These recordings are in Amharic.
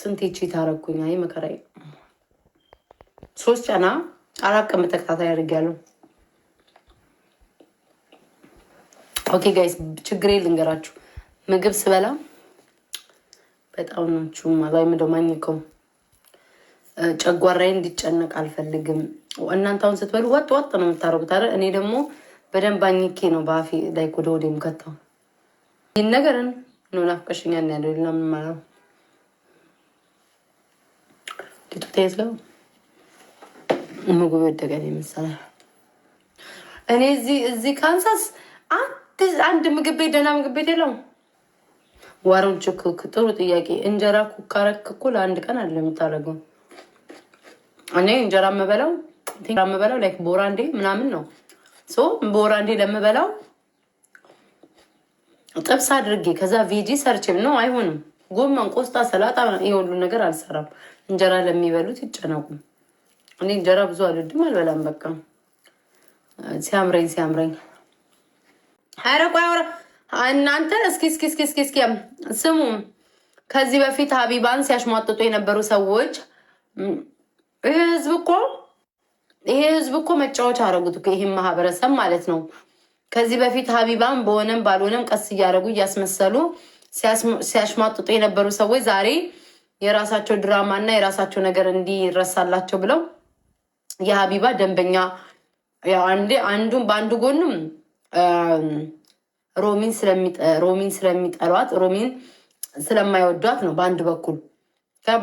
ስንቴ ቺት አደረኩኝ? አይ መከራዬ። ሶስት ጨና አራት ቀን በተከታታይ አድርጌያለሁ። ኦኬ ጋይስ ችግሬ ልንገራችሁ። ምግብ ስበላ በጣም ናችሁ ማላይ ማኝከው ጨጓራዬ እንዲጨነቅ አልፈልግም። እናንተ አሁን ስትበሉ ወጥ ወጥ ነው የምታረጉት አይደል? እኔ ደግሞ በደንብ አኝኬ ነው በአፌ ላይ ወደ ወዴ የምከተው። ይህን ነገርን ነው ናፍቀሽኛ ያለው ሌላ ምንም ቂጦታ ይዝጋው። ምግቡ ወደቀን የመሰለ እኔ እዚህ እዚህ ካንሳስ አንድ ምግብ ቤት ደህና ምግብ ቤት የለውም። ዋሮን ጥሩ ጥያቄ። እንጀራ ኩካረክ እኮ ለአንድ ቀን አለ የምታደርገው። እኔ እንጀራ የምበላው የምበላው ላይክ ቦራንዴ ምናምን ነው። ቦራንዴ ለምበላው ጥብስ አድርጌ ከዛ ቪጂ ሰርቼ ነው። አይሆንም። ጎመን፣ ቆስጣ፣ ሰላጣ የሁሉ ነገር አልሰራም። እንጀራ ለሚበሉት ይጨነቁ። እኔ እንጀራ ብዙ አልወድም፣ አልበላም። በቃ ሲያምረኝ ሲያምረኝ። ኧረ ቆይ እናንተ እስኪ እስኪ እስኪ እስኪ እስኪ ስሙ። ከዚህ በፊት ሀቢባን ሲያሽሟጥጡ የነበሩ ሰዎች ይህ ህዝብ እኮ ይሄ ህዝብ እኮ መጫወቻ አረጉት። እኮ ይህም ማህበረሰብ ማለት ነው። ከዚህ በፊት ሀቢባን በሆነም ባልሆነም ቀስ እያደረጉ እያስመሰሉ ሲያሽሟጥጡ የነበሩ ሰዎች ዛሬ የራሳቸው ድራማ እና የራሳቸው ነገር እንዲረሳላቸው ብለው የሀቢባ ደንበኛ አንዱን በአንዱ ጎንም ሮሚን ስለሚጠሏት ሮሚን ስለማይወዷት ነው በአንድ በኩል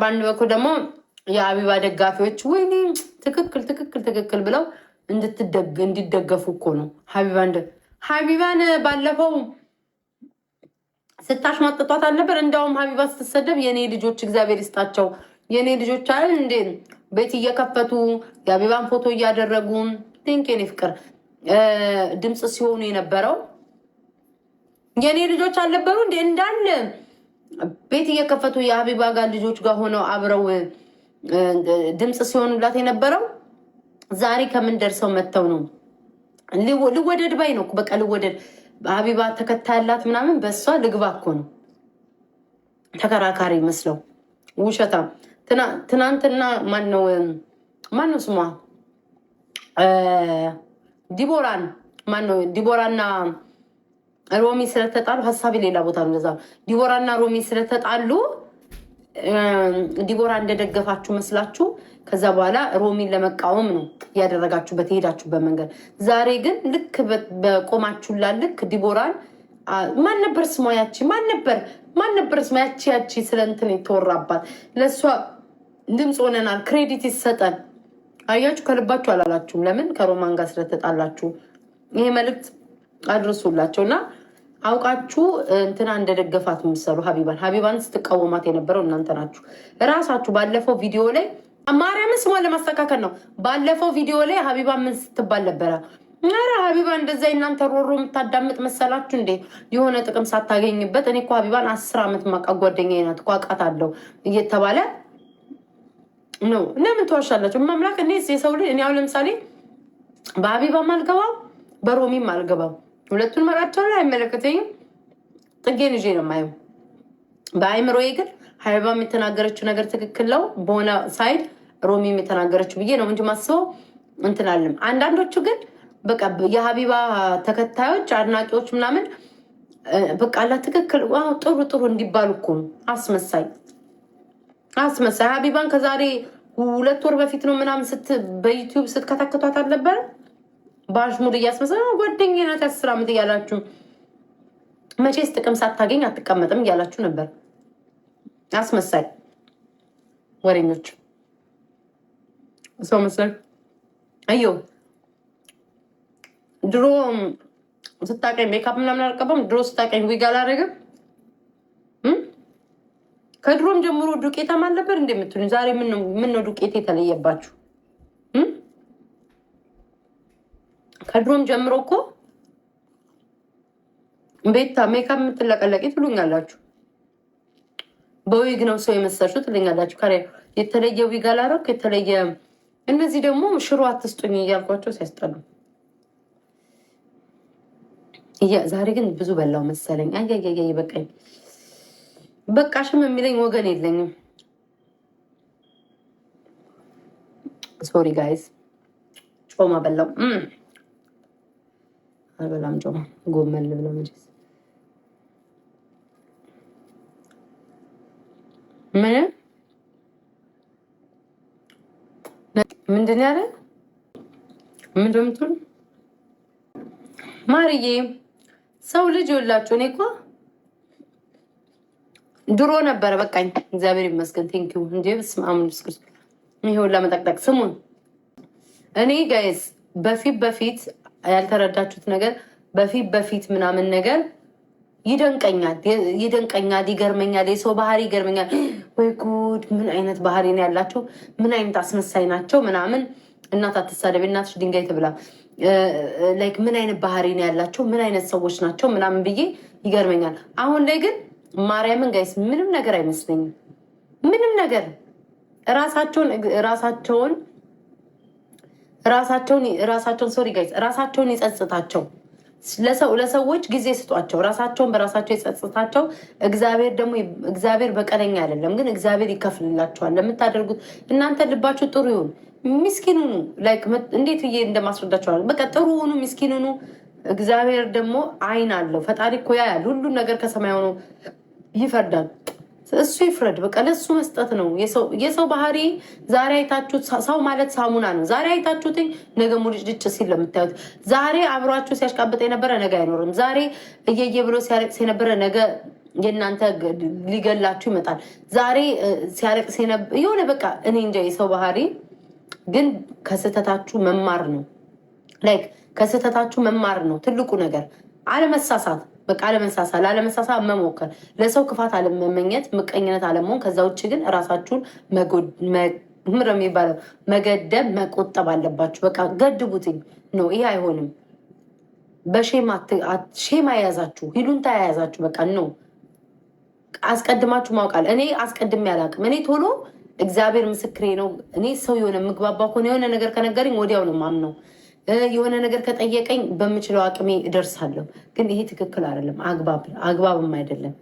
በአንድ በኩል ደግሞ የሀቢባ ደጋፊዎች ወይኔ ትክክል ትክክል ትክክል ብለው እንዲደገፉ እኮ ነው ሀቢባ ሀቢባን ባለፈው ስታሽሟጥጧት አልነበር? እንዲያውም ሀቢባ ስትሰደብ የእኔ ልጆች እግዚአብሔር ይስጣቸው የእኔ ልጆች አይደል እንዴ ቤት እየከፈቱ የሀቢባን ፎቶ እያደረጉ ቴንክ የኔ ፍቅር ድምፅ ሲሆኑ የነበረው የእኔ ልጆች አልነበሩ እንዴ? እንዳለ ቤት እየከፈቱ የሀቢባ ጋር ልጆች ጋር ሆነው አብረው ድምፅ ሲሆኑላት የነበረው ዛሬ ከምን ደርሰው መጥተው ነው ልወደድ ባይ ነው። በቃ ልወደድ ሀቢባ ተከታይ ያላት ምናምን በእሷ ልግባ እኮ ነው ተከራካሪ መስለው ውሸታም። ትናንትና ማነው ማነው ስሟ ዲቦራን ማነው ዲቦራና ሮሚ ስለተጣሉ ሀሳቢ ሌላ ቦታ ነው። ዛ ዲቦራና ሮሚ ስለተጣሉ ዲቦራ እንደደገፋችሁ መስላችሁ ከዛ በኋላ ሮሚን ለመቃወም ነው እያደረጋችሁ በተሄዳችሁበት መንገድ። ዛሬ ግን ልክ በቆማችሁላ ልክ ዲቦራን ማን ነበር ስሟ? ያቺ ማን ነበር ማን ነበር ስሟ? ያቺ ያቺ ስለ እንትን የተወራባት ለእሷ ድምፅ ሆነናል፣ ክሬዲት ይሰጠን። አያችሁ፣ ከልባችሁ አላላችሁም። ለምን ከሮማን ጋር ስለተጣላችሁ። ይሄ መልእክት አድርሱላቸው እና አውቃችሁ እንትና እንደደገፋት የምትሰሩ ሀቢባን ሀቢባን ስትቃወማት የነበረው እናንተ ናችሁ እራሳችሁ። ባለፈው ቪዲዮ ላይ ማርያምን ስሟን ለማስተካከል ነው። ባለፈው ቪዲዮ ላይ ሀቢባ ምን ስትባል ነበረ? ኧረ ሀቢባ እንደዛ እናንተ ሮሮ የምታዳምጥ መሰላችሁ እንዴ? የሆነ ጥቅም ሳታገኝበት እኔ እኮ ሀቢባን አስር ዓመት ማቃ ጓደኛ ናት እኮ አውቃታለሁ እየተባለ ነው። ለምን ትዋሻላችሁ? ማምላክ እኔ የሰው ልጅ እኔ አሁን ለምሳሌ በሀቢባም አልገባም በሮሚም አልገባው ሁለቱን መራቸው ላይ አይመለከተኝም። ጥጌን ይዤ ነው የማየው በአይምሮዬ ግን ሀይባ የተናገረችው ነገር ትክክል ነው በሆነ ሳይድ ሮሚ የተናገረችው ብዬ ነው እንጂ ማስበው እንትናለም። አንዳንዶቹ ግን በቃ የሀቢባ ተከታዮች አድናቂዎች ምናምን በቃ ትክክል ጥሩ ጥሩ እንዲባሉ እኮ አስመሳይ አስመሳይ። ሀቢባን ከዛሬ ሁለት ወር በፊት ነው ምናምን ስት በዩቲዩብ ስትከታከቷት አልነበረ? በአሽሙር እያስመሰለ ጓደኛ ናት አስር ዓመት እያላችሁ መቼስ ጥቅም ሳታገኝ አትቀመጥም እያላችሁ ነበር። አስመሳይ ወሬኞች ሰው መሰል አየሁ። ድሮ ስታቀኝ ሜካፕ ምናምን አልቀባም። ድሮ ስታቀኝ ዊግ አላደረግም። ከድሮም ጀምሮ ዱቄታም አልነበር እንደምትሉኝ ዛሬ ምነው ዱቄት የተለየባችሁ? ከድሮም ጀምሮ እኮ ቤታ ሜካፕ የምትለቀለቂ ትሉኛላችሁ። በዊግ ነው ሰው የመሰልሽው ትለኛላችሁ። ካሪያ የተለየ ዊግ አላረኩ የተለየ እነዚህ ደግሞ ሽሮ አትስጡኝ እያልኳቸው ሲያስጠሉ ዛሬ ግን ብዙ በላው መሰለኝ። አያያያ በቃኝ በቃሽም የሚለኝ ወገን የለኝም። ሶሪ ጋይስ፣ ጮማ በላው። አልበላም ጮማ፣ ጎመን ልብላ መቼስ ምን ምንድን ያለ ምንድን ማርዬ ሰው ልጅ የላችሁ። እኔ እኮ ድሮ ነበረ በቃኝ። እግዚአብሔር ይመስገን ስሙን እኔ ጋይስ በፊት በፊት ያልተረዳችሁት ነገር በፊት በፊት ምናምን ነገር ይደንቀኛል ይደንቀኛል፣ ይገርመኛል። የሰው ባህሪ ይገርመኛል። ወይ ጉድ! ምን አይነት ባህሪ ነው ያላቸው? ምን አይነት አስመሳይ ናቸው? ምናምን እናት አትሳደብ፣ እናትሽ ድንጋይ ትብላ። ላይክ ምን አይነት ባህሪ ነው ያላቸው? ምን አይነት ሰዎች ናቸው? ምናምን ብዬ ይገርመኛል። አሁን ላይ ግን ማርያምን ጋይስ ምንም ነገር አይመስለኝም። ምንም ነገር ራሳቸውን ራሳቸውን ራሳቸውን ራሳቸውን ሶሪ ጋይስ ራሳቸውን ይጸጽታቸው ለሰዎች ጊዜ ስጧቸው። ራሳቸውን በራሳቸው የጸጽታቸው። እግዚአብሔር ደግሞ እግዚአብሔር በቀለኛ አይደለም፣ ግን እግዚአብሔር ይከፍልላቸዋል ለምታደርጉት። እናንተ ልባችሁ ጥሩ ይሁን፣ ሚስኪኑኑ እንዴት ዬ እንደማስረዳቸዋል። በቃ ጥሩ ሁኑ፣ ሚስኪኑኑ። እግዚአብሔር ደግሞ አይን አለው። ፈጣሪ እኮ ያያል። ሁሉን ነገር ከሰማይ ሆኖ ይፈርዳል። እሱ ይፍረድ። በቃ ለሱ መስጠት ነው የሰው ባህሪ። ዛሬ አይታችሁት ሰው ማለት ሳሙና ነው። ዛሬ አይታችሁት፣ ነገ ሙድጭ ሲል ለምታዩት፣ ዛሬ አብሯችሁ ሲያሽቃብጥ የነበረ ነገ አይኖርም። ዛሬ እየየ ብሎ ሲያለቅስ የነበረ ነገ የእናንተ ሊገላችሁ ይመጣል። ዛሬ ሲያለቅስ የሆነ በቃ እኔ እንጃ። የሰው ባህሪ ግን ከስህተታችሁ መማር ነው። ላይክ ከስህተታችሁ መማር ነው ትልቁ ነገር፣ አለመሳሳት በቃ አለመሳሳ ላለመሳሳ መሞከር ለሰው ክፋት አለመመኘት ምቀኝነት አለመሆን ከዛ ውጭ ግን እራሳችሁን ምር የሚባለው መገደብ መቆጠብ አለባችሁ በቃ ገድቡትኝ ነው ይሄ አይሆንም በሼማ የያዛችሁ ሂሉንታ የያዛችሁ በቃ ነው አስቀድማችሁ ማውቃል እኔ አስቀድሜ አላውቅም እኔ ቶሎ እግዚአብሔር ምስክሬ ነው እኔ ሰው የሆነ ምግባባ ከሆነ የሆነ ነገር ከነገረኝ ወዲያው ነው ማምነው የሆነ ነገር ከጠየቀኝ በምችለው አቅሜ እደርሳለሁ። ግን ይሄ ትክክል አይደለም፣ አግባብም አይደለም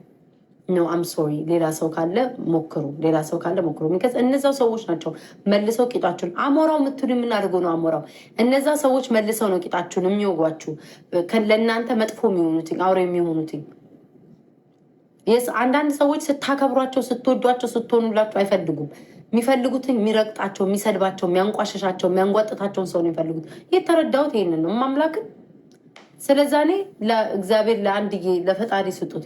ነው። አም ሶሪ። ሌላ ሰው ካለ ሞክሩ፣ ሌላ ሰው ካለ ሞክሩ። ሚከስ እነዛው ሰዎች ናቸው መልሰው ቂጣችሁን አሞራው ምትሉ የምናደርገው ነው። አሞራው እነዛ ሰዎች መልሰው ነው ቂጣችሁን የሚወጓችሁ ለእናንተ መጥፎ የሚሆኑትኝ አውሬ የሚሆኑትኝ። አንዳንድ ሰዎች ስታከብሯቸው፣ ስትወዷቸው፣ ስትሆኑላቸው አይፈልጉም የሚፈልጉትን የሚረግጣቸው፣ የሚሰድባቸው፣ የሚያንቋሸሻቸው፣ የሚያንጓጥታቸውን ሰው ነው የሚፈልጉት። የተረዳሁት ይሄንን ነው ማምላክን። ስለዛ እኔ ለእግዚአብሔር ለአንድዬ ለፈጣሪ ስጡት።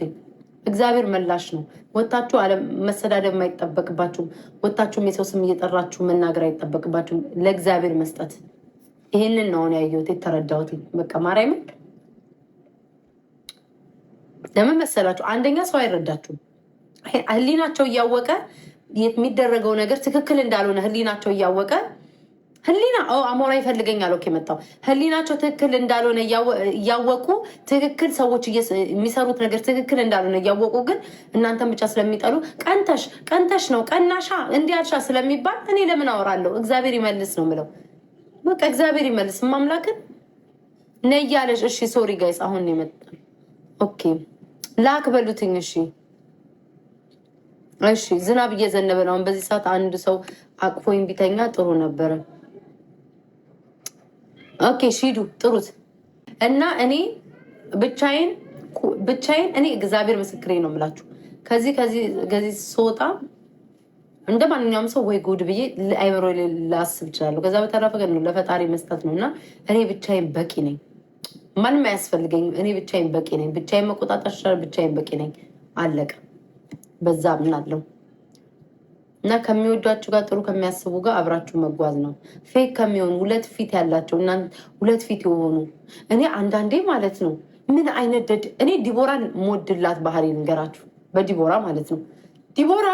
እግዚአብሔር መላሽ ነው። ወታችሁ መሰዳደብ አይጠበቅባችሁም። ወታችሁም የሰው ስም እየጠራችሁ መናገር አይጠበቅባችሁም። ለእግዚአብሔር መስጠት ይህንን ነው ያየሁት የተረዳሁት። በቃ ማርያምን ለምን መሰላችሁ? አንደኛ ሰው አይረዳችሁም። ህሊናቸው እያወቀ የሚደረገው ነገር ትክክል እንዳልሆነ ህሊናቸው እያወቀ ህሊና አሞራ ይፈልገኛል ኦኬ መጣው ህሊናቸው ትክክል እንዳልሆነ እያወቁ ትክክል ሰዎች የሚሰሩት ነገር ትክክል እንዳልሆነ እያወቁ ግን እናንተን ብቻ ስለሚጠሉ ቀንተሽ ቀንተሽ ነው ቀናሻ እንዲያልሻ ስለሚባል እኔ ለምን አወራለሁ? እግዚአብሔር ይመልስ ነው ምለው። በቃ እግዚአብሔር ይመልስ ማምላክን ነያለሽ። እሺ ሶሪ ጋይስ፣ አሁን ነው የመጣ ኦኬ ላክ በሉትኝ። እሺ እሺ ዝናብ እየዘነበ ነው። አሁን በዚህ ሰዓት አንድ ሰው አቅፎኝ ቢተኛ ጥሩ ነበረ። ኦኬ ሺዱ ጥሩት እና እኔ ብቻዬን ብቻዬን እኔ እግዚአብሔር ምስክሬ ነው የምላችሁ ከዚህ ከዚህ ከዚህ ስወጣ እንደ ማንኛውም ሰው ወይ ጉድ ብዬ አይምሮ ላስብ እችላለሁ። ከዛ በተረፈ ግን ለፈጣሪ መስጠት ነው እና እኔ ብቻዬን በቂ ነኝ፣ ማንም አያስፈልገኝም። እኔ ብቻዬን በቂ ነኝ። ብቻዬን መቆጣጠር ይችላል። ብቻዬን በቂ ነኝ። አለቀ። በዛ አምናለሁ። እና ከሚወዷችሁ ጋር ጥሩ ከሚያስቡ ጋር አብራችሁ መጓዝ ነው። ፌክ ከሚሆኑ ሁለት ፊት ያላቸው እና ሁለት ፊት የሆኑ እኔ አንዳንዴ ማለት ነው ምን አይነት ደድ እኔ ዲቦራን ሞድላት ባህሪ ልንገራችሁ፣ በዲቦራ ማለት ነው። ዲቦራ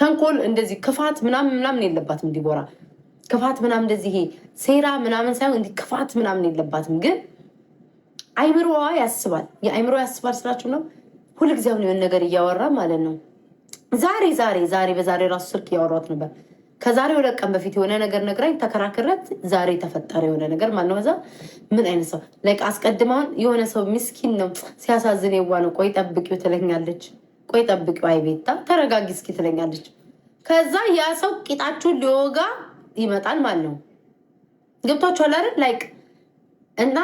ተንኮል እንደዚህ ክፋት ምናምን ምናምን የለባትም። ዲቦራ ክፋት ምናምን እንደዚህ ሴራ ምናምን ሳይሆን እንዲህ ክፋት ምናምን የለባትም። ግን አይምሮዋ ያስባል። የአይምሮ ያስባል ስላችሁ ነው ሁልጊዜ አሁን የሆነ ነገር እያወራ ማለት ነው። ዛሬ ዛሬ ዛሬ በዛሬ ራሱ ስልክ እያወሯት ነበር። ከዛሬ ወደ ቀን በፊት የሆነ ነገር ነግራኝ ተከራክረት፣ ዛሬ ተፈጠረ የሆነ ነገር ማለት ነው። በዛ ምን አይነት ሰው ላይ አስቀድማውን የሆነ ሰው ምስኪን ነው ሲያሳዝን፣ የዋ ነው። ቆይ ጠብቂው ትለኛለች። ቆይ ጠብቂው አይቤታ ተረጋጊ እስኪ ትለኛለች። ከዛ ያ ሰው ቂጣችሁን ሊወጋ ይመጣል ማለት ነው። ገብቷችኋል አይደል? ላይክ እና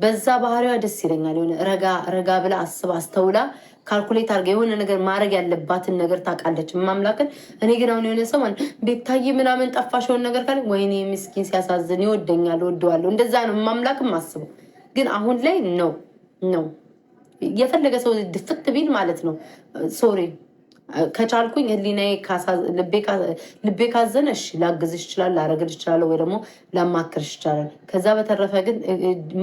በዛ ባህሪዋ ደስ ይለኛል። የሆነ ረጋ ረጋ ብላ አስባ አስተውላ ካልኩሌት አድርጋ የሆነ ነገር ማድረግ ያለባትን ነገር ታውቃለች። ማምላክን እኔ ግን አሁን የሆነ ሰው ቤታዬ ምናምን ጠፋሽ የሆነ ነገር ካለ ወይኔ ምስኪን ሲያሳዝን ይወደኛል ወደዋለሁ እንደዛ ነው ማምላክም አስበው። ግን አሁን ላይ ነው ነው የፈለገ ሰው ድፍት ቢል ማለት ነው ሶሪ ከቻልኩኝ ህሊናዬ ልቤ ካዘነሽ ላግዝሽ ይችላል፣ ላረግልሽ ይችላለሁ፣ ወይ ደግሞ ላማክርሽ ይችላል ከዛ በተረፈ ግን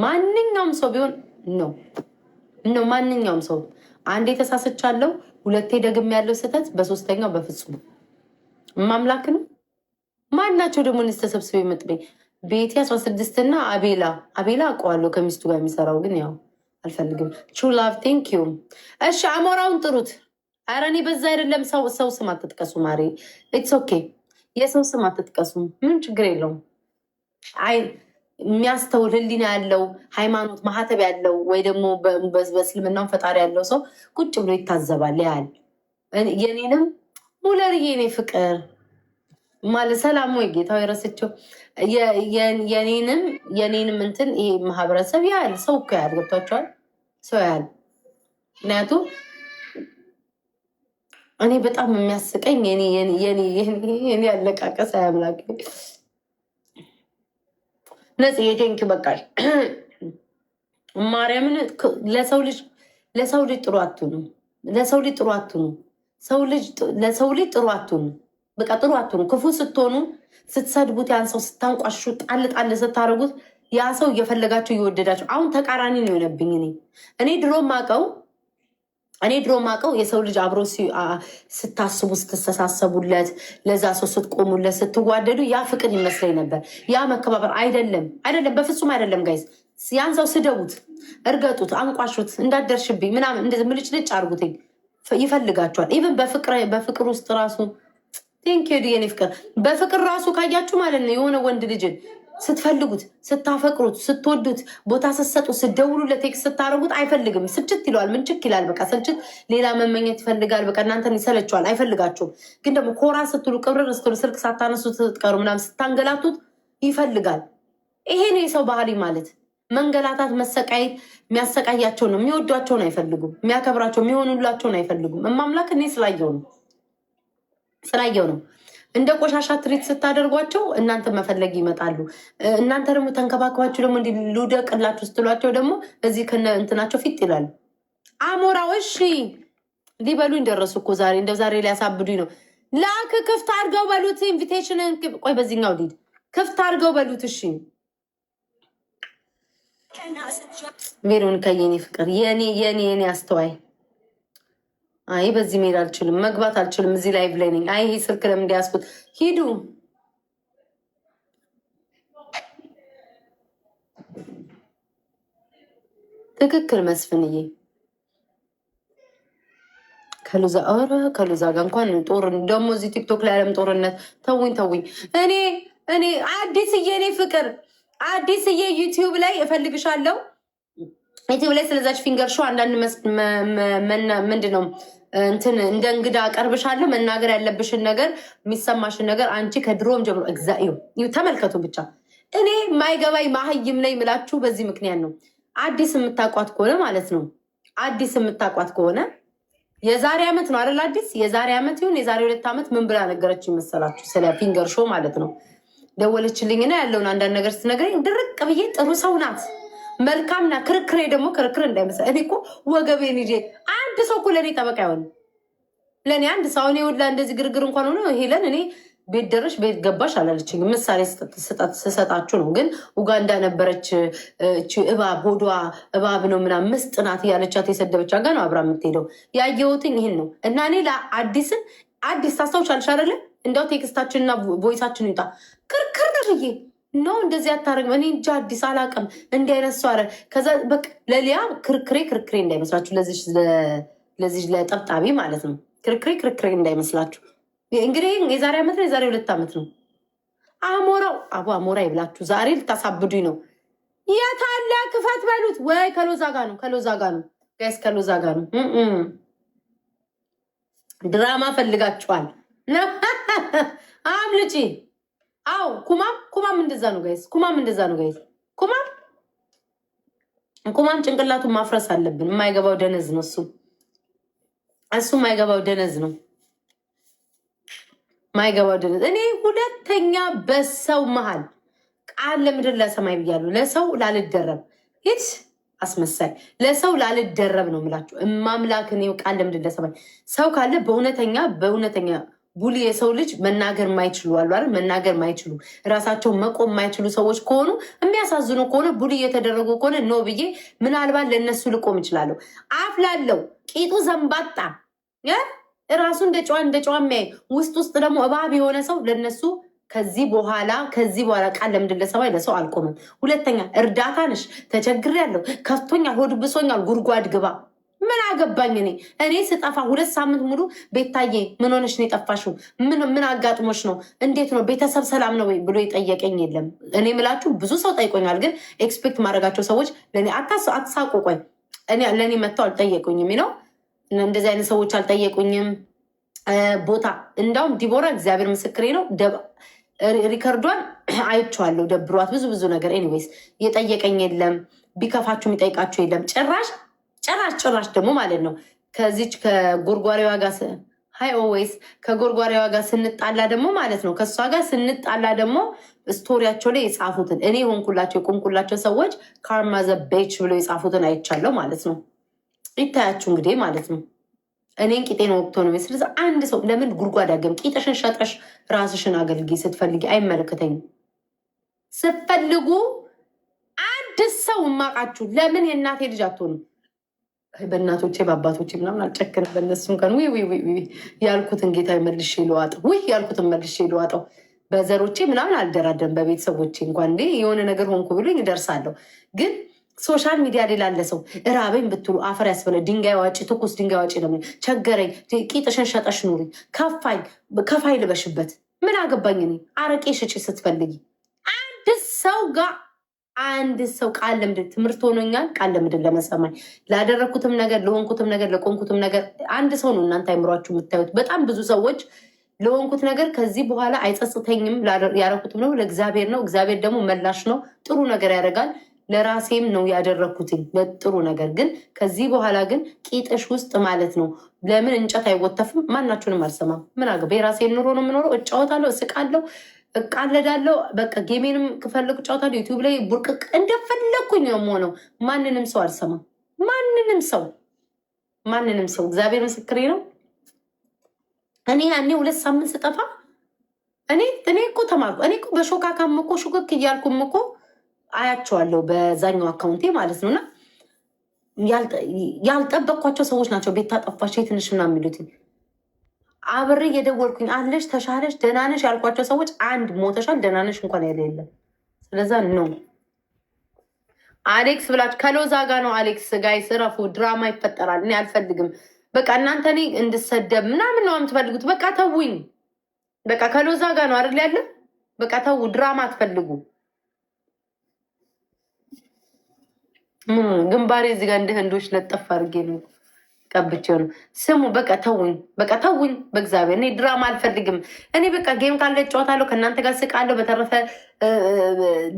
ማንኛውም ሰው ቢሆን ነው ነው ማንኛውም ሰው አንዴ ተሳስቻለሁ፣ ሁለቴ ደግም ያለው ስህተት፣ በሶስተኛው በፍጹም ማምላክ ነው። ማናቸው ደግሞ እነዚህ ተሰብስበው ይመጥበኝ ቤቴ አስራ ስድስት እና አቤላ አቤላ አውቀዋለሁ ከሚስቱ ጋር የሚሰራው ግን ያው አልፈልግም። ቹ ላቭ ቴንኪዩ። እሺ አሞራውን ጥሩት። አረኔ እኔ በዛ አይደለም። ሰው ሰው ስም አትጥቀሱ ማሪ፣ ኢትስ ኦኬ። የሰው ስም አትጥቀሱ፣ ምን ችግር የለውም። አይ የሚያስተውል ህሊና ያለው ሃይማኖት ማህተብ ያለው ወይ ደግሞ በእስልምናው ፈጣሪ ያለው ሰው ቁጭ ብሎ ይታዘባል ያል የኔንም ሙለር የኔ ፍቅር ማለት ሰላም ወይ ጌታው የረሰችው የኔንም የኔንም እንትን ይሄ ማህበረሰብ ያህል ሰው እኮ ያህል ገብቷቸዋል ሰው ያህል ምክንያቱም እኔ በጣም የሚያስቀኝ የኔ አለቃቀስ አያምላክ ነጽ የቴንክ በቃል ማርያምን ለሰው ልጅ ለሰው ልጅ ጥሩ አትኑ። ለሰው ልጅ ጥሩ አትኑ። ለሰው ልጅ ጥሩ አትኑ። በቃ ጥሩ አትኑ። ክፉ ስትሆኑ፣ ስትሰድቡት፣ ያን ሰው ስታንቋሹ፣ ጣል ጣል ስታደርጉት ያ ሰው እየፈለጋቸው እየወደዳቸው። አሁን ተቃራኒ ነው የሆነብኝ። እኔ እኔ ድሮ ማቀው እኔ ድሮ ማቀው የሰው ልጅ አብሮ ስታስቡ ስትተሳሰቡለት፣ ለዛ ሰው ስትቆሙለት፣ ስትዋደዱ ያ ፍቅር ይመስለኝ ነበር። ያ መከባበር አይደለም፣ አይደለም፣ በፍጹም አይደለም። ጋይዝ ያን ሰው ስደቡት፣ እርገጡት፣ አንቋሹት፣ እንዳደርሽብኝ ምናምን ምልጭ ልጭ አርጉት፣ ይፈልጋቸዋል። ኢቨን በፍቅር ውስጥ ራሱ ቴንኪዩ የኔ ፍቅር በፍቅር ራሱ ካያችሁ ማለት ነው የሆነ ወንድ ልጅን ስትፈልጉት፣ ስታፈቅሩት፣ ስትወዱት፣ ቦታ ስትሰጡት፣ ስደውሉ፣ ለቴክስ ስታደርጉት አይፈልግም። ስልችት ይለዋል። ምንችክ ይላል። በቃ ስልችት ሌላ መመኘት ይፈልጋል። በቃ እናንተን ይሰለችዋል። አይፈልጋችሁም። ግን ደግሞ ኮራ ስትሉ፣ ቅብርር ስትሉ፣ ስልክ ሳታነሱ ስትቀሩ፣ ምናምን ስታንገላቱት ይፈልጋል። ይሄ ነው የሰው ባህሪ ማለት መንገላታት፣ መሰቃየት የሚያሰቃያቸው ነው። የሚወዷቸውን አይፈልጉም። የሚያከብራቸው የሚሆኑላቸውን አይፈልጉም። እማምላክ እኔ ስላየው ነው ስላየው ነው እንደ ቆሻሻ ትሪት ስታደርጓቸው እናንተ መፈለግ ይመጣሉ። እናንተ ደግሞ ተንከባከባችሁ ደግሞ እንዲ ልውደቅላችሁ ስትሏቸው ደግሞ እዚህ ከነ እንትናቸው ፊት ይላሉ። አሞራው እሺ ሊበሉኝ ደረሱ እኮ ዛሬ እንደ ዛሬ ሊያሳብዱኝ ነው። ላክ ክፍት አድርገው በሉት ኢንቪቴሽንን። ቆይ በዚህኛው ሊድ ክፍት አድርገው በሉት። እሺ ቬሮኒካ ከየኔ ፍቅር የኔ የኔ የኔ አስተዋይ አይ በዚህ መሄድ አልችልም፣ መግባት አልችልም፣ እዚህ ላይቭ ላይ ነኝ። አይ ይሄ ስልክ ለምን እንዲያስኩት ሂዱ ትክክል መስፍንዬ ከሉዛ ኧረ ከሉዛ ጋር እንኳን ጦር ደግሞ እዚህ ቲክቶክ ላይ ዓለም ጦርነት ተውኝ ተውኝ። እኔ እኔ አዲስዬ እኔ ፍቅር አዲስዬ ዩቲዩብ ላይ እፈልግሻለሁ። ዩቲዩብ ላይ ስለዛች ፊንገር ሾ አንዳንድ ምንድን ነው እንትን እንደ እንግዳ አቀርብሻለሁ። መናገር ያለብሽን ነገር፣ የሚሰማሽን ነገር አንቺ ከድሮም ጀምሮ ተመልከቱ። ብቻ እኔ ማይገባኝ ማህይም ላይ ምላችሁ በዚህ ምክንያት ነው። አዲስ የምታቋት ከሆነ ማለት ነው አዲስ የምታቋት ከሆነ የዛሬ ዓመት ነው አይደል? አዲስ የዛሬ ዓመት ይሁን የዛሬ ሁለት ዓመት ምን ብላ ነገረች ይመሰላችሁ? ስለ ፊንገር ሾ ማለት ነው። ደወለችልኝና ያለውን አንዳንድ ነገር ስትነግረኝ ድርቅ ብዬ ጥሩ ሰው ናት መልካምና ክርክሬ ደግሞ ክርክር እንዳይመስል እኔ እኮ ወገቤን ይዤ አንድ ሰው እኮ ለእኔ ጠበቃ ይሆን ለእኔ አንድ ሰው እኔ ይኸውልህ እንደዚህ ግርግር እንኳን ሆነ ሄለን እኔ ቤት ደረሽ ቤት ገባሽ አላለችኝ። ምሳሌ ስሰጣችሁ ነው። ግን ኡጋንዳ ነበረች እባብ ሆዷ እባብ ነው ምናምን ምስጥናት እያለቻት የሰደበች ጋ ነው አብራ የምትሄደው። ያየሁትኝ ይህን ነው እና እኔ ለአዲስን አዲስ ታስታውሽ አልሻለለ እንዲያው ቴክስታችንና ቮይሳችን ይውጣ ክርክር ደርዬ ኖ እንደዚህ አታደርግም። እኔ እንጃ አዲስ አላውቅም። እንዲህ አይነት ሰው አረ ከዛ በቃ ለሊያ ክርክሬ ክርክሬ እንዳይመስላችሁ፣ ለዚህ ለጠብጣቢ ማለት ነው። ክርክሬ ክርክሬ እንዳይመስላችሁ። እንግዲህ የዛሬ ዓመት ነው የዛሬ ሁለት ዓመት ነው። አሞራው አቡ አሞራ ይብላችሁ። ዛሬ ልታሳብዱኝ ነው። የታለ ክፈት በሉት ወይ ከሎዛ ጋ ነው ከሎዛ ጋ ነው ጋይስ፣ ከሎዛ ጋ ነው። ድራማ ፈልጋችኋል። አምልጪ አው ኩማም ኩማም እንደዛ ነው ጋይስ። ኩማም እንደዛ ነው ጋይስ። ኩማም ኩማም ጭንቅላቱን ማፍረስ አለብን። የማይገባው ደነዝ ነው እሱ እሱ የማይገባው ደነዝ ነው ማይገባው ደነዝ። እኔ ሁለተኛ በሰው መሃል ቃል ለምድር ለሰማይ ብያለሁ። ለሰው ላልደረብ ሂድ አስመሳይ ለሰው ላልደረብ ነው የምላችሁ። እማምላክ እኔ ቃል ለምድር ለሰማይ ሰው ካለ በእውነተኛ በእውነተኛ ቡሊ የሰው ልጅ መናገር ማይችሉ አሉ አይደል? መናገር ማይችሉ ራሳቸው መቆም ማይችሉ ሰዎች ከሆኑ የሚያሳዝኑ ከሆነ ቡሊ እየተደረጉ ከሆነ ኖ ብዬ ምናልባት ለእነሱ ልቆም እችላለሁ። አፍ ላለው ቂጡ ዘንባጣ ራሱ እንደ ጨዋ እንደ ጨዋ የሚያይ ውስጥ ውስጥ ደግሞ እባብ የሆነ ሰው ለነሱ ከዚህ በኋላ ከዚህ በኋላ ቃል ለምንድን ለሰባይ ለሰው አልቆምም። ሁለተኛ እርዳታ ነሽ፣ ተቸግሬያለሁ፣ ከፍቶኛል፣ ሆድ ብሶኛል፣ ጉድጓድ ግባ ምን አገባኝ እኔ እኔ ስጠፋ ሁለት ሳምንት ሙሉ ቤታዬ ምን ሆነሽ ነው የጠፋሽው? ምን አጋጥሞች ነው? እንዴት ነው? ቤተሰብ ሰላም ነው ወይ ብሎ የጠየቀኝ የለም። እኔ ምላችሁ ብዙ ሰው ጠይቆኛል፣ ግን ኤክስፔክት ማድረጋቸው ሰዎች ለእኔ አትሳቁ። ቆይ ለእኔ መጥተው አልጠየቁኝም ነው እንደዚህ አይነት ሰዎች አልጠየቁኝም። ቦታ እንዳውም ዲቦራ እግዚአብሔር ምስክሬ ነው ሪከርዷን አይቼዋለሁ። ደብሯት ብዙ ብዙ ነገር ኤኒዌይስ የጠየቀኝ የለም። ቢከፋችሁ የሚጠይቃችሁ የለም ጭራሽ ጭራሽ ጭራሽ ደግሞ ማለት ነው ከዚች ከጎርጓሪዋ ጋር ሀይ ኦዌይስ ከጎርጓሪዋ ጋር ስንጣላ ደግሞ ማለት ነው ከእሷ ጋር ስንጣላ ደግሞ ስቶሪያቸው ላይ የጻፉትን እኔ ሆንኩላቸው የቆምኩላቸው ሰዎች ካርማ ቤች ብለው የጻፉትን አይቻለው ማለት ነው። ይታያችሁ እንግዲህ ማለት ነው። እኔን ቂጤን ወቅቶ ነው። ስለዚ አንድ ሰው ለምን ጉርጓድ ያገም ቂጠሽን ሸጠሽ ራስሽን አገልጊ ስትፈልጊ፣ አይመለከተኝም ስትፈልጉ አንድ ሰው እማቃችሁ ለምን የእናቴ ልጅ አትሆንም? በእናቶቼ በአባቶቼ ምናምን አልጨክንም። በእነሱም ቀን ያልኩትን ጌታ መልሼ ልዋጠው፣ ውይ ያልኩትን መልሼ ልዋጠው። በዘሮቼ ምናምን አልደራደርም። በቤተሰቦቼ እንኳን እንዴ የሆነ ነገር ሆንኩ ብሎ ደርሳለሁ ግን ሶሻል ሚዲያ ላይ ሰው እራበኝ ብትሉ አፈር ያስበለ ድንጋይ ዋጭ፣ ትኩስ ድንጋይ ዋጭ ነው። ቸገረኝ፣ ቂጥሽን ሸጠሽ ኑሪ፣ ከፋኝ፣ ከፋይ ልበሽበት ምን አገባኝ እኔ። አረቄ ሽጭ ስትፈልጊ አንድ ሰው ጋር አንድ ሰው ቃል ለምድል ትምህርት ሆኖኛል። ቃል ለምድል ለመሰማኝ ላደረግኩትም ነገር ለሆንኩትም ነገር ለቆንኩትም ነገር አንድ ሰው ነው። እናንተ አይምሯችሁ የምታዩት በጣም ብዙ ሰዎች ለሆንኩት ነገር ከዚህ በኋላ አይጸጽተኝም ያረኩትም ነው ለእግዚአብሔር ነው። እግዚአብሔር ደግሞ መላሽ ነው፣ ጥሩ ነገር ያደርጋል። ለራሴም ነው ያደረግኩትኝ ጥሩ ነገር ግን ከዚህ በኋላ ግን ቂጥሽ ውስጥ ማለት ነው። ለምን እንጨት አይወተፍም? ማናችሁንም አልሰማም። ምን አገባ? የራሴን ኑሮ ነው የምኖረው። እጫወታለሁ፣ እስቃለሁ እቃለዳለው በቃ ጌሜንም ክፈልግ ጫወታለሁ። ዩቲዩብ ላይ ቡርቅቅ እንደፈለግኩኝ ነው የምሆነው። ማንንም ሰው አልሰማም። ማንንም ሰው ማንንም ሰው እግዚአብሔር ምስክሬ ነው። እኔ ያኔ ሁለት ሳምንት ስጠፋ እኔ እኔ እኮ ተማርኩ። እኔ እኮ በሾካካም እኮ ሹክክ እያልኩም እኮ አያቸዋለሁ በዛኛው አካውንቴ ማለት ነው። እና ያልጠበቅኳቸው ሰዎች ናቸው ቤታ ጠፋሽ ትንሽ ምናምን የሚሉት አብሬ እየደወልኩኝ አለሽ ተሻለሽ ደናነሽ ያልኳቸው ሰዎች አንድ ሞተሻል ደናነሽ እንኳን ያለ የለም። ስለዛ ነው አሌክስ ብላችሁ ከሎዛ ጋር ነው አሌክስ ጋይ ስረፉ። ድራማ ይፈጠራል። እኔ አልፈልግም። በቃ እናንተ እኔ እንድሰደብ ምናምን ነው የምትፈልጉት። በቃ ተውኝ። በቃ ከሎዛ ጋር ነው አይደል ያለ። በቃ ተው፣ ድራማ አትፈልጉ። ግንባሬ እዚህ ጋር እንደ ህንዶች ለጠፍ አድርጌ ነው ቀብቼው ነው። ስሙ በቃ ተውኝ፣ በቃ ተውኝ። በእግዚአብሔር እኔ ድራማ አልፈልግም። እኔ በቃ ጌም ካለ እጫወታለሁ፣ ከእናንተ ጋር ስቃለሁ። በተረፈ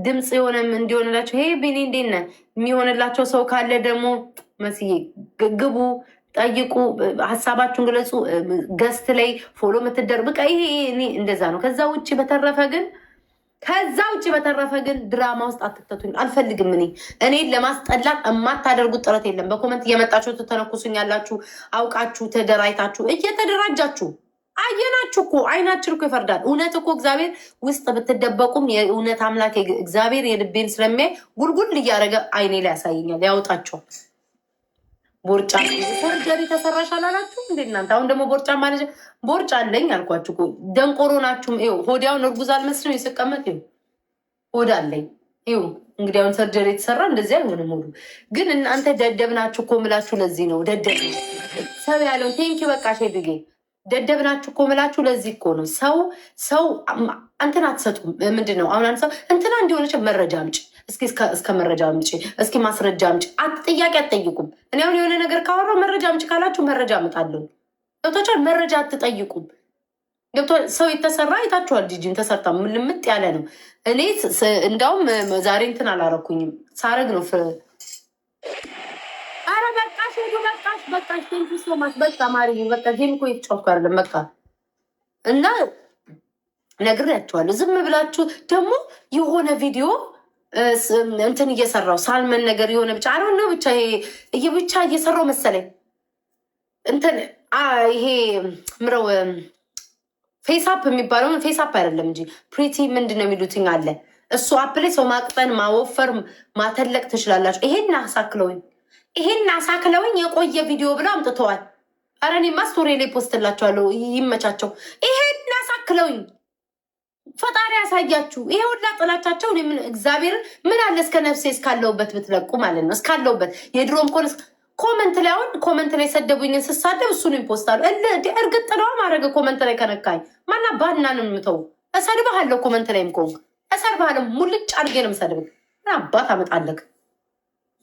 ድምፅ የሆነም እንዲሆንላቸው ይሄ ቢኒ እንዴነ የሚሆንላቸው ሰው ካለ ደግሞ መስዬ ግቡ፣ ጠይቁ፣ ሀሳባችሁን ግለጹ። ገስት ላይ ፎሎ ምትደር በቃ ይሄ እኔ እንደዛ ነው። ከዛ ውጭ በተረፈ ግን ከዛ ውጭ በተረፈ ግን ድራማ ውስጥ አትክተቱኝ፣ አልፈልግም። እኔ እኔ ለማስጠላት የማታደርጉት ጥረት የለም። በኮመንት እየመጣችሁ ትተነኩሱኝ ያላችሁ አውቃችሁ ተደራጅታችሁ እየተደራጃችሁ አየናችሁ እኮ አይናችን እኮ ይፈርዳል። እውነት እኮ እግዚአብሔር ውስጥ ብትደበቁም የእውነት አምላክ እግዚአብሔር የልቤን ስለሚያይ ጉልጉል እያደረገ አይኔ ላይ ያሳየኛል፣ ያወጣቸዋል። ቦርጫ ሰርጀሪ ተሰራሽ አላላችሁ እንዴ እናንተ? አሁን ደግሞ ቦርጫ ማለሽ ቦርጫ አለኝ አልኳችሁ እኮ ደንቆሮ ናችሁም። ይኸው ሆዲያውን እርጉዝ አልመስልም የስቀመጥ ይኸው ሆድ አለኝ ይኸው እንግዲህ አሁን ሰርጀሪ የተሰራ እንደዚህ አይሆንም። ሙሉ ግን እናንተ ደደብ ናችሁ እኮ ምላችሁ ለዚህ ነው ደደብ ሰው ያለውን ቴንኪ በቃ ሼድጌ ደደብ ናችሁ እኮ ምላችሁ ለዚህ እኮ ነው ሰው ሰው እንትን አትሰጡም። ምንድን ነው አሁን አንድ ሰው እንትና እንዲሆነች መረጃ አምጪ እስኪ እስከ መረጃ አምጪ፣ እስኪ ማስረጃ አምጪ። ጥያቄ አትጠይቁም። እኔ አሁን የሆነ ነገር ካወራ መረጃ አምጪ ካላችሁ መረጃ አምጣለሁ። ገብቶቻል። መረጃ አትጠይቁም። ገብቶ ሰው የተሰራ አይታችኋል። ጂጂም ተሰርታ ልምጥ ያለ ነው። እኔ እንዳውም ዛሬ እንትን አላረኩኝም ሳረግ ነው። አረ በቃሽ፣ ሄዱ፣ በቃሽ፣ በቃሽ። ቴንኪ ሶማች በቃ ማሪ፣ በቃ ጌም እኮ የተጫወትኩ አይደለም። በቃ እና ነግሬያቸዋለሁ። ዝም ብላችሁ ደግሞ የሆነ ቪዲዮ እንትን እየሰራው ሳልመን ነገር የሆነ ብቻ አሁን ነው ብቻ ይሄ ብቻ እየሰራው መሰለኝ እንትን ይሄ ምረው ፌስፕ የሚባለውን ፌስፕ አይደለም እንጂ ፕሪቲ ምንድን ነው የሚሉትኝ አለ እሱ አፕ ላይ ሰው ማቅጠን፣ ማወፈር፣ ማተለቅ ትችላላችሁ። ይሄን አሳክለውኝ ይሄን አሳክለውኝ የቆየ ቪዲዮ ብለው አምጥተዋል። አረ እኔማ ስቶሪ ላይ ፖስትላቸዋለሁ። ይመቻቸው። ይሄን አሳክለውኝ ፈጣሪ ያሳያችሁ። ይሄ ሁላ ጥላቻቸውን እግዚአብሔርን ምን አለ እስከ ነፍሴ እስካለውበት ብትለቁ ማለት ነው። እስካለውበት የድሮም ኮን ኮመንት ላይ አሁን ኮመንት ላይ ሰደቡኝን ስሳደብ እሱን ይፖስታሉ። እርግጥ ነዋ ማድረግ ኮመንት ላይ ከነካኝ ማና ባናን ነው የምተው እሰድብሃለሁ። ኮመንት ላይ ምቆም እሰድብሃለሁ። ሙልጭ አድርጌ ነው ሰድብ አባት አመጣለግ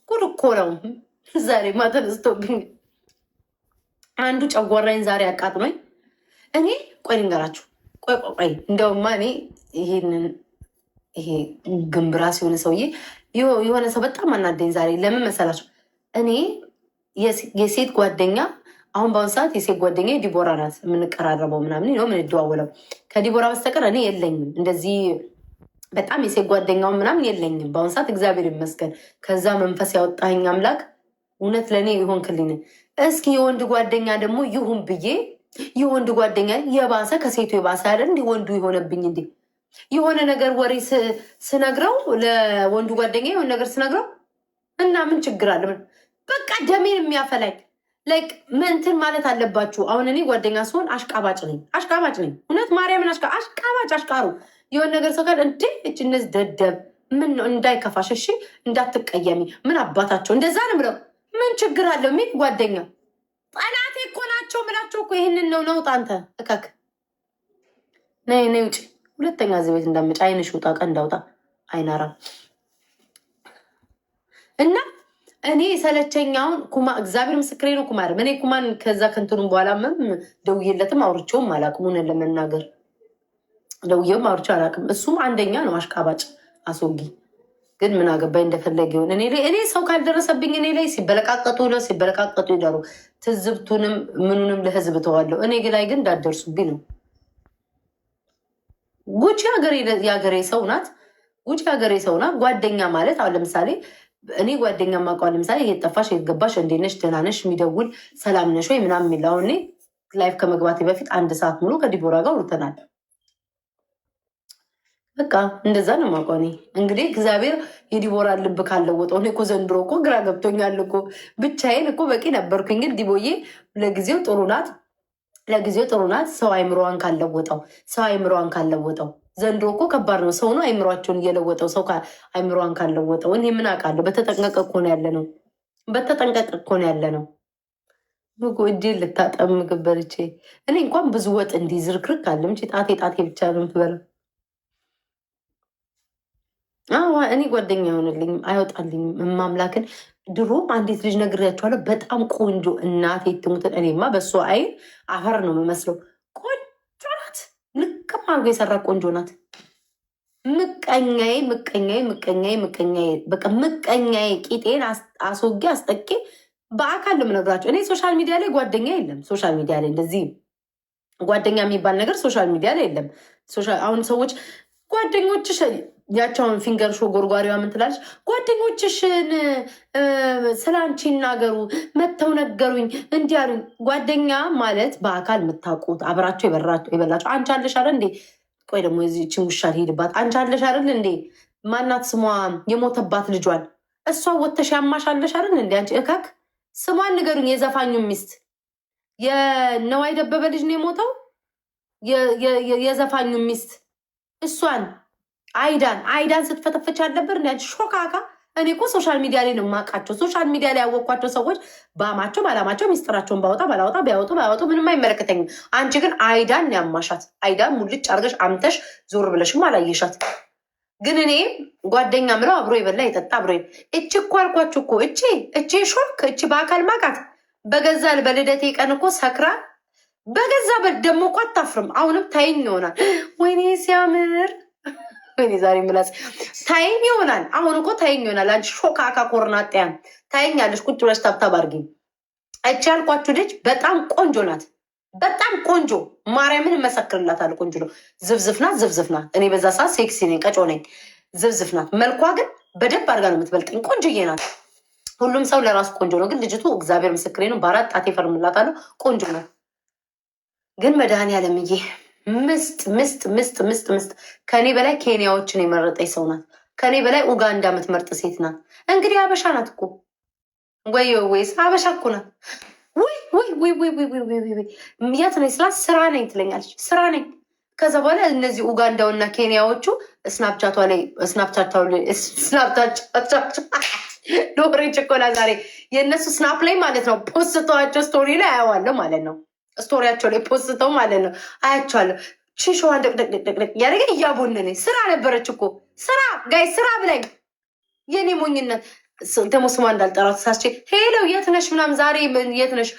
ጉድ እኮ ነው። ዛሬ ማተነስቶብኝ አንዱ ጨጓራኝ ዛሬ አቃጥሎኝ እኔ ቆይ ልንገራችሁ ቆይ ቆይ፣ እንደውማ እኔ ይሄንን ይሄ ግንብራ የሆነ ሰውዬ የሆነ ሰው በጣም አናደኝ ዛሬ። ለምን መሰላቸው? እኔ የሴት ጓደኛ አሁን በአሁኑ ሰዓት የሴት ጓደኛ ዲቦራ ናት፣ የምንቀራረበው ምናምን ነው የምንደዋወለው። ከዲቦራ በስተቀር እኔ የለኝም እንደዚህ በጣም የሴት ጓደኛውን ምናምን የለኝም በአሁኑ ሰዓት እግዚአብሔር ይመስገን። ከዛ መንፈስ ያወጣኝ አምላክ እውነት ለእኔ ይሆን ክልኝ። እስኪ የወንድ ጓደኛ ደግሞ ይሁን ብዬ ይህ ወንድ ጓደኛ የባሰ ከሴቱ የባሰ ያለ እንዲ ወንዱ የሆነብኝ እንዲ የሆነ ነገር ወሬ ስነግረው ለወንዱ ጓደኛ የሆነ ነገር ስነግረው እና ምን ችግር አለ? በቃ ደሜን የሚያፈላኝ ላይክ መንትን ማለት አለባችሁ። አሁን እኔ ጓደኛ ሲሆን አሽቃባጭ ነኝ፣ አሽቃባጭ ነኝ። እውነት ማርያምን አሽቃባጭ አሽቃሩ የሆነ ነገር ሰው ጋር እንዴ እች እነዚህ ደደብ ምን ነው እንዳይከፋሽ፣ እሺ እንዳትቀየሚ፣ ምን አባታቸው እንደዛ ነው ብለው ምን ችግር አለው ሚ ጓደኛ ጠላ ናቸው ምላቸው እኮ ይህንን ነው ነውጥ። አንተ እከክ ነይ ነይ ውጭ። ሁለተኛ እዚህ ቤት እንዳምጭ አይንሽ ውጣ፣ ቀን እንዳውጣ አይናራ እና እኔ ሰለቸኛውን ኩማ እግዚአብሔር ምስክሬ ነው። ኩማ እኔ ኩማን ከዛ ከንትኑ በኋላ ምም ደውዬለትም አውርቼውም አላቅም። እውነት ለመናገር ደውዬውም አውርቼ አላቅም። እሱም አንደኛ ነው አሽቃባጭ አስወጊ ግን ምን አገባኝ እንደፈለገ ይሁን። እኔ ሰው ካልደረሰብኝ እኔ ላይ ሲበለቃቀጡ ነው ሲበለቃቀጡ ይደሩ ትዝብቱንም ምኑንም ለህዝብ ተዋለው እኔ ላይ ግን እንዳደርሱብኝ ነው። ጉቺ የሀገሬ ሰው ናት። ጉቺ ሀገሬ ሰው ናት። ጓደኛ ማለት አሁን ለምሳሌ እኔ ጓደኛ ማቋ ለምሳሌ የት ጠፋሽ፣ የት ገባሽ፣ እንዴት ነሽ፣ ደህና ነሽ፣ የሚደውል ሰላም ነሽ ወይ ምናምን እኔ ላይፍ ከመግባቴ በፊት አንድ ሰዓት ሙሉ ከዲቦራ ጋር ውርተናል። በቃ እንደዛ ነው የማውቀው እንግዲህ እግዚአብሔር የዲቦራ ልብ ካለወጠው እኔ እኮ ዘንድሮ እኮ ግራ ገብቶኛል እኮ ብቻዬን እኮ በቂ ነበርኩኝ። ግን ዲቦዬ ለጊዜው ጥሩ ናት፣ ለጊዜው ጥሩ ናት። ሰው አይምሮዋን ካለወጠው ሰው አይምሮዋን ካለወጠው ዘንድሮ እኮ ከባድ ነው። ሰው ነው አይምሯቸውን እየለወጠው ሰው አይምሮዋን ካለወጠው እኔ ምን አውቃለሁ። በተጠንቀቀ እኮ ነው ያለ ነው። በተጠንቀቀ እኮ ነው ያለ ነው። ምግብ እጄ ልታጠብ ምግብ እኔ እንኳን ብዙ ወጥ እንዲዝርክርክ ዝርክርክ አለ ጣቴ ጣቴ ብቻ ነው የምትበላው እኔ ጓደኛ አይሆንልኝም፣ አይወጣልኝም። እማምላክን ድሮም አንዲት ልጅ ነግሬያቸዋለሁ። በጣም ቆንጆ እናቴ ትሙትን። እኔማ በእሱ አይን አፈር ነው የምመስለው። ቆንጆ ናት፣ ልቅም አድርጎ የሰራ ቆንጆ ናት። ምቀኛዬ ምቀኛዬ ምቀኛዬ ምቀኛዬ በቃ ምቀኛዬ ቂጤን አስወጌ አስጠቄ በአካል ነው እኔ ሶሻል ሚዲያ ላይ ጓደኛ የለም። ሶሻል ሚዲያ ላይ እንደዚህ ጓደኛ የሚባል ነገር ሶሻል ሚዲያ ላይ የለም። አሁን ሰዎች ጓደኞች ያቸውን ፊንገር ሾ ጎርጓሪዋ ምን ትላለች? ጓደኞችሽን ስለ አንቺ ይናገሩ መጥተው ነገሩኝ እንዲህ አሉኝ። ጓደኛ ማለት በአካል የምታውቁት አብራቸው የበላቸው አንቺ አለሽ አለ እንዴ? ቆይ ደግሞ እዚህችን ውሻ ሄድባት አንቺ አለሽ አይደል እንዴ? ማናት ስሟ የሞተባት ልጇን እሷ ወተሽ ያማሽ አለሽ አይደል እንዴ? አንቺ እከክ ስሟን ንገሩኝ። የዘፋኙ ሚስት የነዋይ ደበበ ልጅ ነው የሞተው። የዘፋኙ ሚስት እሷን አይዳን አይዳን ስትፈተፈች አልነበር እንዲ ሾካካ። እኔ እኮ ሶሻል ሚዲያ ላይ ነው የማውቃቸው። ሶሻል ሚዲያ ላይ ያወቅኳቸው ሰዎች በአማቸው ባላማቸው ሚስጥራቸውን ባወጣ ባላወጣ ቢያወጡ ባያወጡ ምንም አይመለከተኝም። አንቺ ግን አይዳን ያማሻት። አይዳን ሙልጭ አርገሽ አምተሽ ዞር ብለሽም አላየሻት። ግን እኔ ጓደኛ ምለው አብሮ የበላ የጠጣ አብሮ እቺ እኮ አልኳችሁ እኮ እቺ እቺ ሾክ እቺ በአካል ማቃት በገዛ በልደቴ ቀን እኮ ሰክራ በገዛ በደሞ ደግሞ እኮ አታፍርም። አሁንም ታይኝ ይሆናል። ወይኔ ሲያምር ወይኔ ዛሬ ምላስ ታይኝ ይሆናል። አሁን እኮ ታይኝ ይሆናል። አንቺ ሾካካ ኮርናጤያን ታይኝ አለሽ። ቁጭ ብለሽ ታብታብ አድርጊ። እቺ ያልኳችሁ ልጅ በጣም ቆንጆ ናት። በጣም ቆንጆ ማርያምን እመሰክርላታለሁ። ቆንጆ ነው። ዝፍዝፍ ናት፣ ዝፍዝፍ ናት። እኔ በዛ ሰዓት ሴክሲ ነኝ፣ ቀጮ ነኝ፣ ዝፍዝፍ ናት። መልኳ ግን በደንብ አድርጋ ነው የምትበልጠኝ። ቆንጆዬ ናት። ሁሉም ሰው ለራሱ ቆንጆ ነው። ግን ልጅቱ እግዚአብሔር ምስክሬ ነው፣ በአራት ጣቴ ፈርምላታለሁ። ቆንጆ ነው ግን መድኃኔዓለምዬ ምስጥ ምስጥ ምስጥ ምስጥ ምስጥ ከኔ በላይ ኬንያዎችን የመረጠች ሰው ናት። ከኔ በላይ ኡጋንዳ የምትመርጥ ሴት ናት። እንግዲህ አበሻ ናት እኮ ወይ ወይስ አበሻ እኮ ናት። ያት ነኝ ስላት ስራ ነኝ ትለኛለች። ስራ ነኝ። ከዛ በኋላ እነዚህ ኡጋንዳውና ኬንያዎቹ ስናፕቻቷ ላይ ስናፕቻቻቻ ዛሬ የእነሱ ስናፕ ላይ ማለት ነው ፖስተዋቸው ስቶሪ ላይ አያዋለሁ ማለት ነው ስቶሪያቸው ላይ ፖስተው ማለት ነው። አያቸዋለሁ ሽሻዋን ደቅደቅደቅደቅ ያደገ እያቦነነኝ ስራ ነበረች እኮ ስራ ጋይ ስራ ብላኝ የኔ ሞኝነት ደግሞ ስሟ እንዳልጠራት ሳስቼ ሄለው የት ነሽ ምናምን ዛሬ የት ነሽ?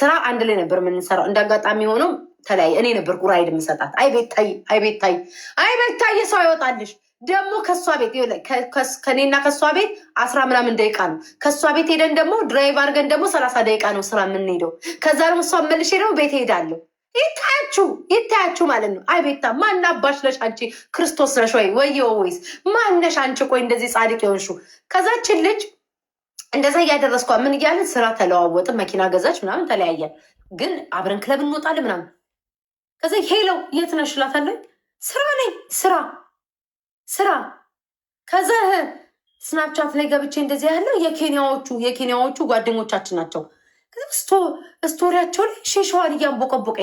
ስራ አንድ ላይ ነበር የምንሰራው። እንዳጋጣሚ ሆነው ተለያየ። እኔ ነበር ቁራይድ የምሰጣት። አይ ታይ አይ ታይ አይ ታይ ሰው አይወጣልሽ ደግሞ ከእሷ ቤት ከእኔና ከእሷ ቤት አስራ ምናምን ደቂቃ ነው። ከእሷ ቤት ሄደን ደግሞ ድራይቭ አድርገን ደግሞ ሰላሳ ደቂቃ ነው ስራ የምንሄደው። ከዛ ደግሞ እሷ መልሼ ደግሞ ቤት ሄዳለሁ። ይታያችሁ ይታያችሁ ማለት ነው። አይ ቤታ ማን አባሽ ነሽ አንቺ? ክርስቶስ ነሽ ወይ ወይ ወይስ ማነሽ አንቺ? ቆይ እንደዚህ ጻድቅ የሆንሹ ከዛችን ልጅ እንደዛ እያደረስኳ ምን እያለን ስራ ተለዋወጥ፣ መኪና ገዛች ምናምን ተለያየን፣ ግን አብረን ክለብ እንወጣለን ምናምን። ከዚ ሄለው የት ነሽ እላታለሁ። ስራ ነኝ ስራ ስራ ከዛ ስናፕቻት ላይ ገብቼ እንደዚህ ያለው የኬንያዎቹ የኬንያዎቹ ጓደኞቻችን ናቸው። ስቶሪያቸው ላይ ሼሸዋን እያንቦቀቦቀ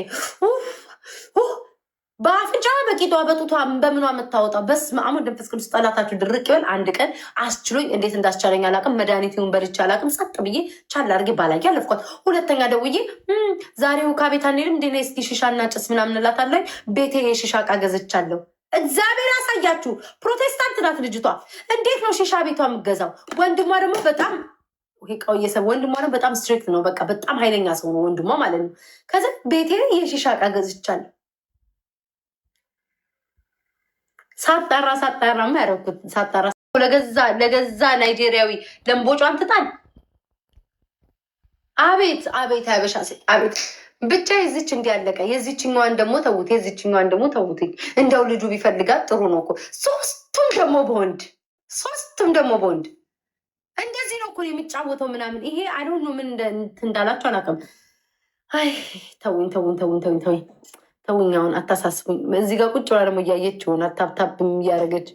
በአፍንጫ በቂጧ በጡቷ በምኗ የምታወጣው በስመ አብ ወወልድ ቅዱስ ጠላታቸው ድርቅ ይበል። አንድ ቀን አስችሎኝ እንዴት እንዳስቻለኝ አላቅም። መድኃኒት መድኃኒቱን በልቼ አላቅም። ጸጥ ብዬ ቻል አድርጌ ባላጊ አለፍኳት። ሁለተኛ ደውዬ ዛሬው ካቤት አንሄድም እንዴ ነይ እስኪ ሽሻ እናጭስ ምናምን እላታለሁ። ቤቴ የሽሻ ዕቃ ገዝቻለሁ እግዚአብሔር ያሳያችሁ። ፕሮቴስታንት ናት ልጅቷ። እንዴት ነው ሸሻ ቤቷ የምገዛው? ወንድሟ ደግሞ በጣም ቀውየሰብ ወንድሟ ደግሞ በጣም ስትሪክት ነው። በቃ በጣም ኃይለኛ ሰው ነው ወንድሟ ማለት ነው። ከዚ ቤቴ የሸሻ ዕቃ ገዝቻለሁ። ሳጣራ ሳጣራ ማ ሳጣራ ለገዛ ለገዛ ናይጄሪያዊ ለምቦጫን ትጣል። አቤት አቤት፣ ያበሻ ሴት አቤት ብቻ የዚች እንዲ ያለቀ የዚችኛዋን ደግሞ ተውት፣ የዚችኛዋን ደግሞ ተውት። እንደው ልጁ ቢፈልጋት ጥሩ ነው እኮ ሶስቱም ደግሞ በወንድ ሶስቱም ደግሞ በወንድ እንደዚህ ነው እኮ የሚጫወተው ምናምን። ይሄ አይደሉ ምን እንዳላቸው አላውቅም። አይ ተውኝ፣ ተውኝ፣ ተውኝ፣ ተውኝ፣ ተውኝ፣ ተውኝ። አሁን አታሳስቡኝ። እዚህ ጋር ቁጭ ብላ ደግሞ እያየች ሆን አታብታብ እያደረገች